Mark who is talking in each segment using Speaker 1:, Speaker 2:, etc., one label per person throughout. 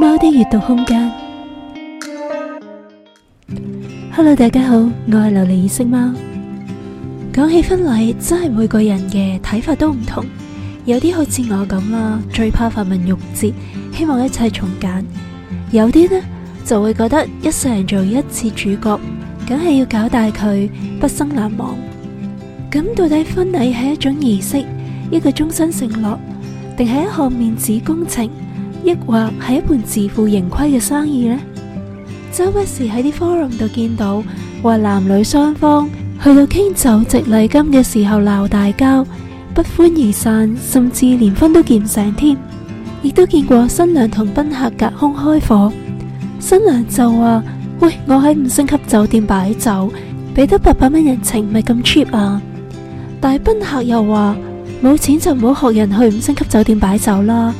Speaker 1: 貓的閱讀空間。Hello，大家好，我係琉璃異色貓。講起婚禮，真係每個人嘅睇法都唔同。有啲好似我咁啦，最怕繁文縟節，希望一切從簡。有啲呢，就會覺得一世人做一次主角，梗係要搞大佢，畢生難忘。咁到底婚禮係一種儀式，一個終身承諾，定係一項面子工程？抑或係一盤自負盈虧嘅生意呢？周不時喺啲 forum 度見到話男女雙方去到傾酒席禮金嘅時候鬧大交，不歡而散，甚至連婚都結唔成添。亦都見過新娘同賓客隔空開火，新娘就話：喂，我喺五星級酒店擺酒，俾得八百蚊人情，咪咁 cheap 啊！但係賓客又話：冇錢就唔好學人去五星級酒店擺酒啦。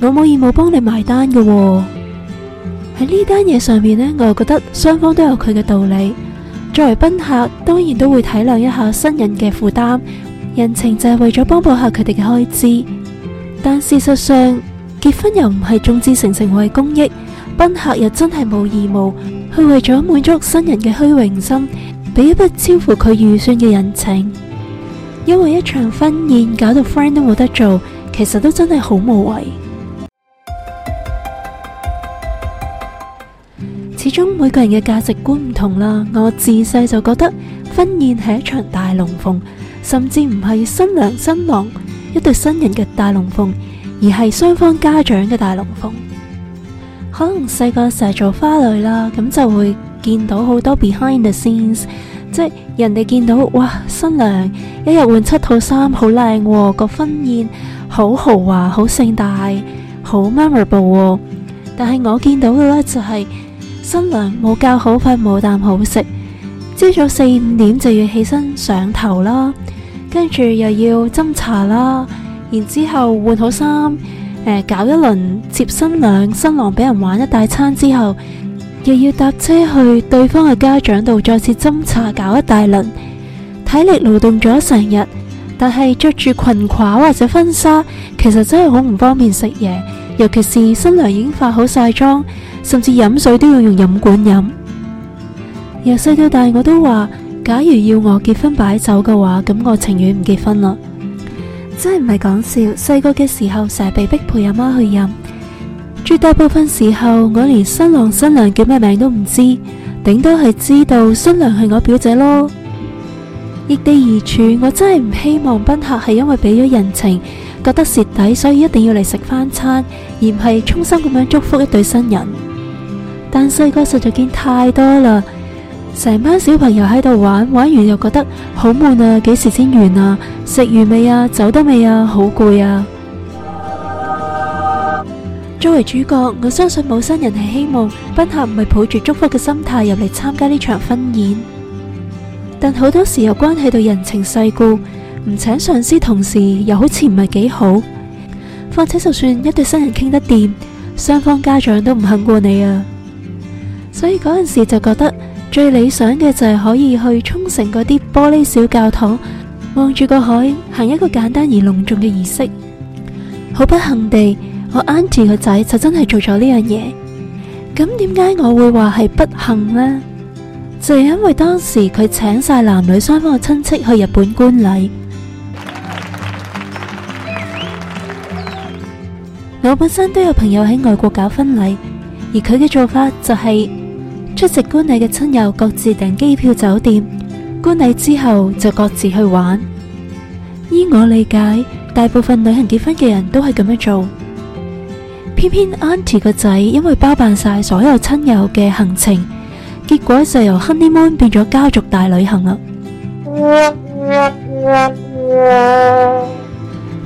Speaker 1: 我冇義務幫你埋單嘅喎、哦。喺呢單嘢上面呢，我又覺得雙方都有佢嘅道理。作為賓客，當然都會體諒一下新人嘅負擔，人情就係為咗幫補下佢哋嘅開支。但事實上，結婚又唔係眾志成城為公益，賓客又真係冇義務去為咗滿足新人嘅虛榮心，俾一筆超乎佢預算嘅人情。因為一場婚宴搞到 friend 都冇得做，其實都真係好無謂。始終每個人嘅價值觀唔同啦。我自細就覺得婚宴係一場大龍鳳，甚至唔係新娘新郎一對新人嘅大龍鳳，而係雙方家長嘅大龍鳳。可能細個成日做花女啦，咁就會見到好多 behind the scenes，即係人哋見到哇，新娘一日換七套衫，好靚喎，個婚宴好豪華，好盛大，好 memorable 喎。但係我見到嘅呢就係。新娘冇覺好瞓，冇啖好食，朝早四五點就要起身上頭啦，跟住又要斟茶啦，然之後換好衫，呃，搞一輪接新娘，新郎俾人玩一大餐之後，又要搭車去對方嘅家長度再次斟茶搞一大輪，體力勞動咗成日，但係着住裙褂或者婚紗，其實真係好唔方便食嘢。尤其是新娘已經化好晒妝，甚至飲水都要用飲管飲。由細到大我都話，假如要我結婚擺酒嘅話，咁我情願唔結婚啦。真係唔係講笑，細個嘅時候成日被逼陪阿媽去飲。絕大部分時候，我連新郎新娘叫咩名都唔知，頂多係知道新娘係我表姐咯。易地而處，我真係唔希望賓客係因為俾咗人情，覺得蝕底，所以一定要嚟食翻餐，而唔係衷心咁樣祝福一對新人。但細個實在見太多啦，成班小朋友喺度玩，玩完又覺得好悶啊，幾時先完啊？食完未啊？走得未啊？好攰啊！ 作為主角，我相信冇新人係希望賓客唔係抱住祝福嘅心態入嚟參加呢場婚宴，但好多時候關係到人情世故。唔請上司同事，又好似唔係幾好。況且就算一對新人傾得掂，雙方家長都唔肯過你啊。所以嗰陣時就覺得最理想嘅就係可以去沖繩嗰啲玻璃小教堂，望住個海，行一個簡單而隆重嘅儀式。好不幸地，我 uncle 個仔就真係做咗呢樣嘢。咁點解我會話係不幸呢？就係、是、因為當時佢請晒男女雙方嘅親戚去日本觀禮。我本身都有朋友喺外國搞婚禮，而佢嘅做法就係出席觀禮嘅親友各自訂機票、酒店，觀禮之後就各自去玩。依我理解，大部分旅行結婚嘅人都係咁樣做。偏偏 Auntie 個仔因為包辦晒所有親友嘅行程，結果就由 honeymoon 變咗家族大旅行啦。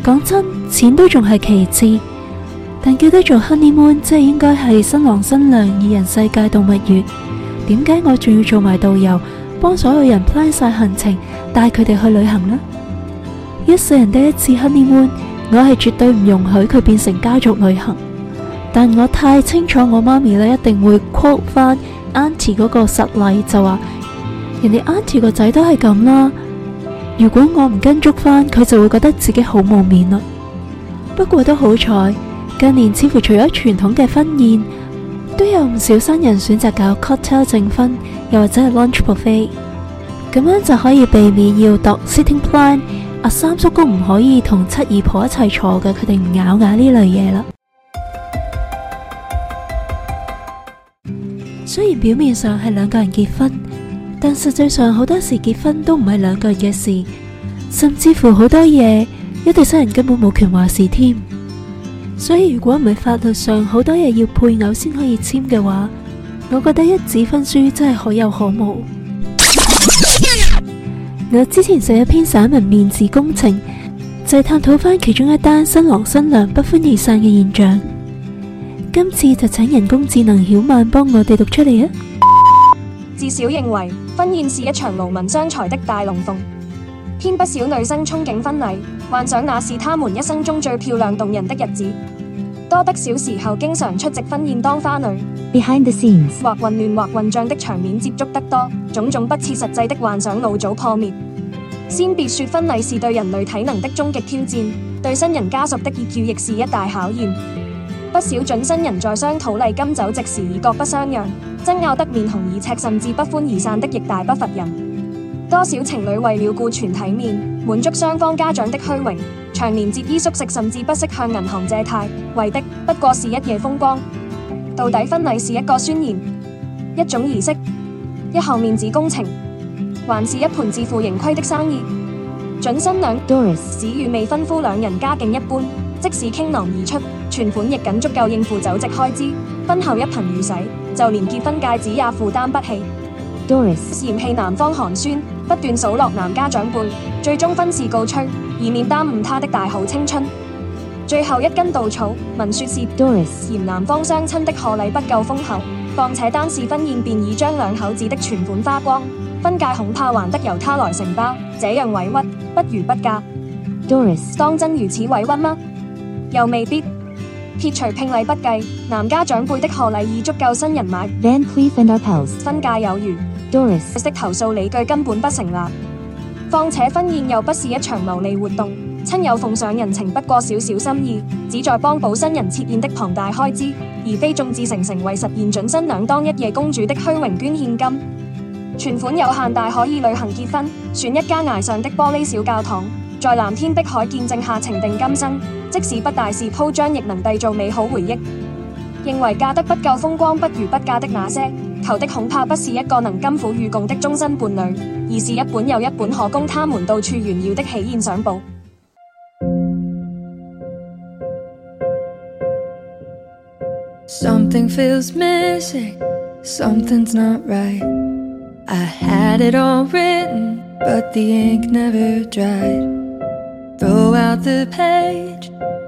Speaker 1: 講 真，錢都仲係其次。但叫得做 honeymoon，即係應該係新郎新娘二人世界度蜜月。點解我仲要做埋導遊，幫所有人 plan 晒行程，帶佢哋去旅行呢？一世人第一次 honeymoon，我係絕對唔容許佢變成家族旅行。但我太清楚我媽咪咧，一定會 quote 翻 Auntie 嗰個實例，就話人哋 Auntie 個仔都係咁啦。如果我唔跟足返，佢就會覺得自己好冇面啦。不過都好彩。近年似乎除咗傳統嘅婚宴，都有唔少新人選擇搞 cocktail 證婚，又或者係 launch buffet，咁樣就可以避免要度 sitting plan。阿三叔公唔可以同七姨婆一齊坐嘅，佢哋唔咬牙呢類嘢啦。 雖然表面上係兩個人結婚，但實際上好多時結婚都唔係兩個人嘅事，甚至乎好多嘢一對新人根本冇權話事添。所以如果唔係法律上好多嘢要配偶先可以簽嘅話，我覺得一紙婚書真係可有可無。 我之前寫一篇散文《面子工程》，就係、探討翻其中一單新郎新娘不歡而散嘅現象。今次就請人工智能曉曼幫我哋讀出嚟啊！
Speaker 2: 至少認為婚宴是一場勞民傷財的大龍鳳。偏不少女生憧憬婚禮，幻想那是她們一生中最漂亮動人的日子。多得小時候經常出席婚宴當花女，Behind the scenes. 或混亂或混帳的場面接觸得多，種種不切實際的幻想老早破滅。先別說婚禮是對人類體能的終極挑戰，對新人家屬的熱叫亦是一大考驗。不少準新人在商討禮金、酒席時已各不相讓，爭拗得面紅耳赤，甚至不歡而散的亦大不乏人。多少情侶為了顧全體面，滿足雙方家長的虛榮，長年節衣縮食，甚至不惜向銀行借貸，為的不過是一夜風光。到底婚禮是一個宣言，一種儀式，一項面子工程，還是一盤自負盈虧的生意？準新娘 Doris 與未婚夫兩人家境一般，即使傾囊而出，存款亦僅足夠應付酒席開支。婚後一貧如洗，就連結婚戒指也負擔不起。Doris 嫌棄男方寒酸，不斷數落男家長輩，最終婚事告吹，以免耽誤他的大好青春。最後一根稻草，聞說是 Doris 嫌男方相親的賀禮不夠豐厚，況且單是婚宴便已將兩口子的存款花光，婚戒恐怕還得由他來承包，這樣委屈，不如不嫁。Doris，當真如此委屈嗎？又未必，撇除聘禮不計，男家長輩的賀禮已足夠新人買 Van Cleef and Arpels，婚戒有餘。這些投訴理據根本不成立，況且婚宴又不是一場牟利活動，親友奉上人情不過少少心意，只在幫補新人設宴的龐大開支，而非眾志成城為實現準新娘當一夜公主的虛榮捐現金。存款有限，大可以旅行結婚，選一家崖上的玻璃小教堂，在藍天碧海見證下情定今生。即使不大事鋪張，亦能締造美好回憶。認為嫁得不夠風光，不如不嫁的那些，求的恐怕不是一個能甘苦與共的終身伴侶，而是一本又一本可供他們到處炫耀的喜宴相
Speaker 1: 簿。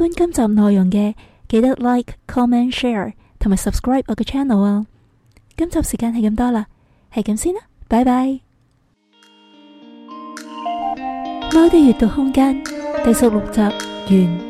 Speaker 1: 喜歡今集內容嘅記得 Like、Comment、Share 同埋 Subscribe 我嘅 channel 啊！今集時間係咁多啦，係咁先啦，拜拜。貓的閱讀空間第十六集完。